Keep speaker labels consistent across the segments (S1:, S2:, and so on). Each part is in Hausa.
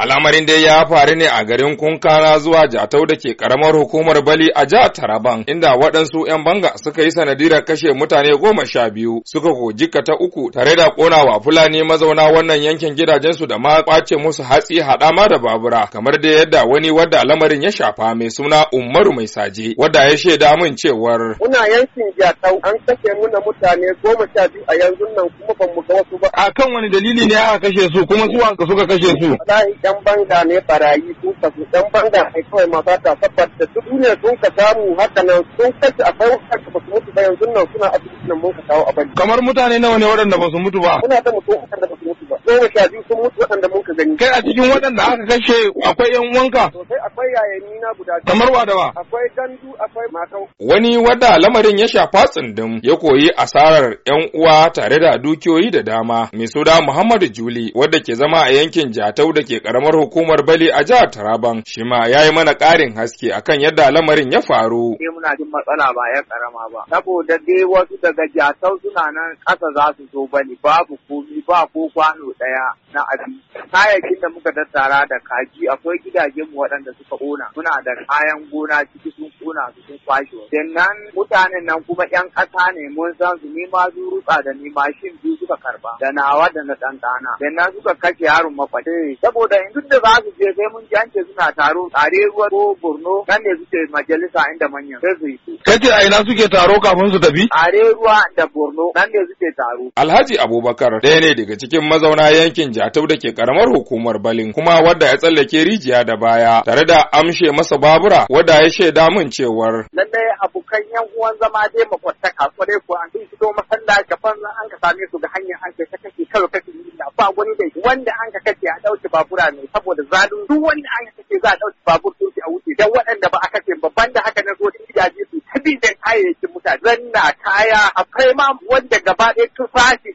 S1: Al'amarin dai ya faru ne a garin Kunkana zuwa Jatau da ke karamar hukumar Bali a jihar Taraban, inda waɗansu ‘yan banga suka yi sanadirar kashe mutane goma sha biyu, suka koji ta uku tare da ƙona wa Fulani mazauna wannan yankin gidajensu da ma ƙwace musu hatsi haɗama da babura, kamar dai yadda wani wadda lamarin ya shafa mai suna Umaru Mai Saje, wadda ya shaida min cewar.
S2: Muna yankin Jatau an kashe muna mutane goma sha biyu a yanzu nan kuma ban mu ga wasu ba.
S1: A kan wani dalili ne aka kashe su kuma suwa suka kashe su?
S2: 'yan banga ne barayi sun kasu 'yan banga ne kawai ma ba ta da duk duniya sun ka samu haka nan sun kasu akwai wanda ba su mutu ba yanzu nan suna asibiti nan mun ka kawo a bari. Kamar mutane nawa ne waɗanda ba su mutu ba? Muna da mutum waɗanda ba su mutu ba. sai ka ji sun mutu waɗanda mun ka gani. Kai a cikin waɗanda
S1: aka kashe akwai 'yan wanka?
S2: Sosai akwai yayani na guda kamar wa da akwai akwai
S1: wani wanda lamarin ya shafa tsindin ya koyi asarar yan uwa tare da dukiyoyi da dama mai suda Muhammadu Juli wadda ke zama a yankin Jatau da ke karamar hukumar Bali a jihar Taraban shi ma yayi mana ƙarin haske akan yadda lamarin ya faru
S2: sai muna jin matsala ba ya karama ba saboda dai wasu daga Jatau suna nan kasa za su zo Bali babu komi ba ko kwano ɗaya na abinci kayayyakin da muka tattara da kaji akwai gidajenmu waɗanda suka suka ƙona muna da kayan gona ciki sun ƙona su sun kwashe sannan mutanen nan kuma yan ƙasa ne mun san su ni ma zuruka da ni mashin biyu suka karba da nawa da na ɗan ɗana sannan suka kashe yaron mafaɗe eh, saboda in duk da za su je sai mun ji an ce suna taro tare ruwa ko borno nan ne suke majalisa inda manyan sai su yi su.
S1: kace a ina suke taro kafin su tafi.
S2: tare ruwa da borno nan ne suke taro.
S1: alhaji abubakar ɗaya ne daga cikin mazauna yankin jatau da ke karamar hukumar balin kuma wadda ya tsallake rijiya da baya tare da amshe masa babura wanda ya shaida min cewar.
S2: Lallai abokan yan uwan zama dai makwataka kwarai ko an sanda masallaci gaban an ka same su ga hanyar an kai ta kashe karo kashe ba wani da wanda an ka kace a dauki babura ne saboda zalun duk wanda an ka kace za a dauki babur din a wuce dan waɗanda ba a kace babban da haka na zo da gidaje su tabi da kayayyakin mutane zanna kaya akwai ma wanda gaba ɗaya tufafi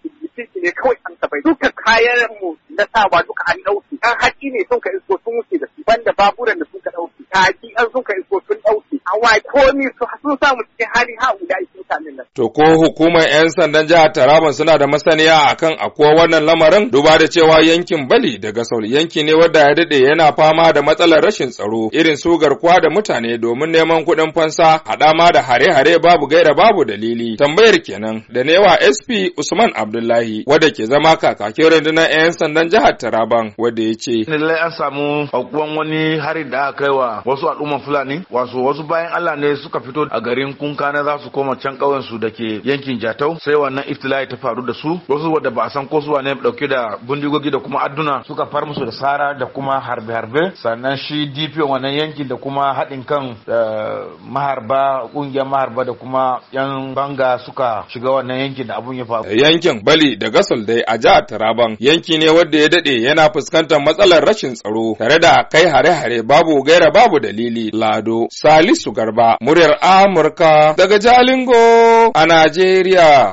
S2: ne kawai an tabai duka kayan mu na sawa duka an dauki an haƙi ne sun ka isko sun wuce da su banda baburan da Ka ɗauki kaji an suka iso sun ɗauki hawa komi sun samu cikin hali ha guda mutanen
S1: To ko hukumar 'yan sandan jihar Taraban suna da masaniya akan akuwa wannan lamarin duba da cewa yankin Bali daga Saul yanki ne wanda ya daɗe yana fama da matsalar rashin tsaro irin su garkuwa da mutane domin neman kuɗin fansa haɗa ma da hare-hare babu gaira babu dalili. Tambayar kenan da newa SP Usman Abdullahi wadda ke zama kakakin rundunar 'yan sandan jihar Taraban wadda ya ce. Lallai an samu aukuwan wani hari da aka kaiwa wa wasu al'umman Fulani wasu wasu bayan Allah ne suka fito a garin na za su koma can ƙauyensu da ke yankin jatau sai wannan iftila'i ta faru da su wasu wadda ba a san ko su wane dauke da bindigogi da kuma adduna suka far musu da sara da kuma harbe-harbe sannan shi dp wannan yankin da kuma haɗin kan eh, maharba ƙungiyar maharba da kuma yan banga suka shiga wannan yankin da abun ya faru yankin bali da gasol dai a jihar taraban yanki ne wanda ya daɗe yana fuskantar matsalar rashin tsaro tare da kai hare-hare babu gaira babu dalili lado salisu garba muryar amurka daga jalingo a Najeriya.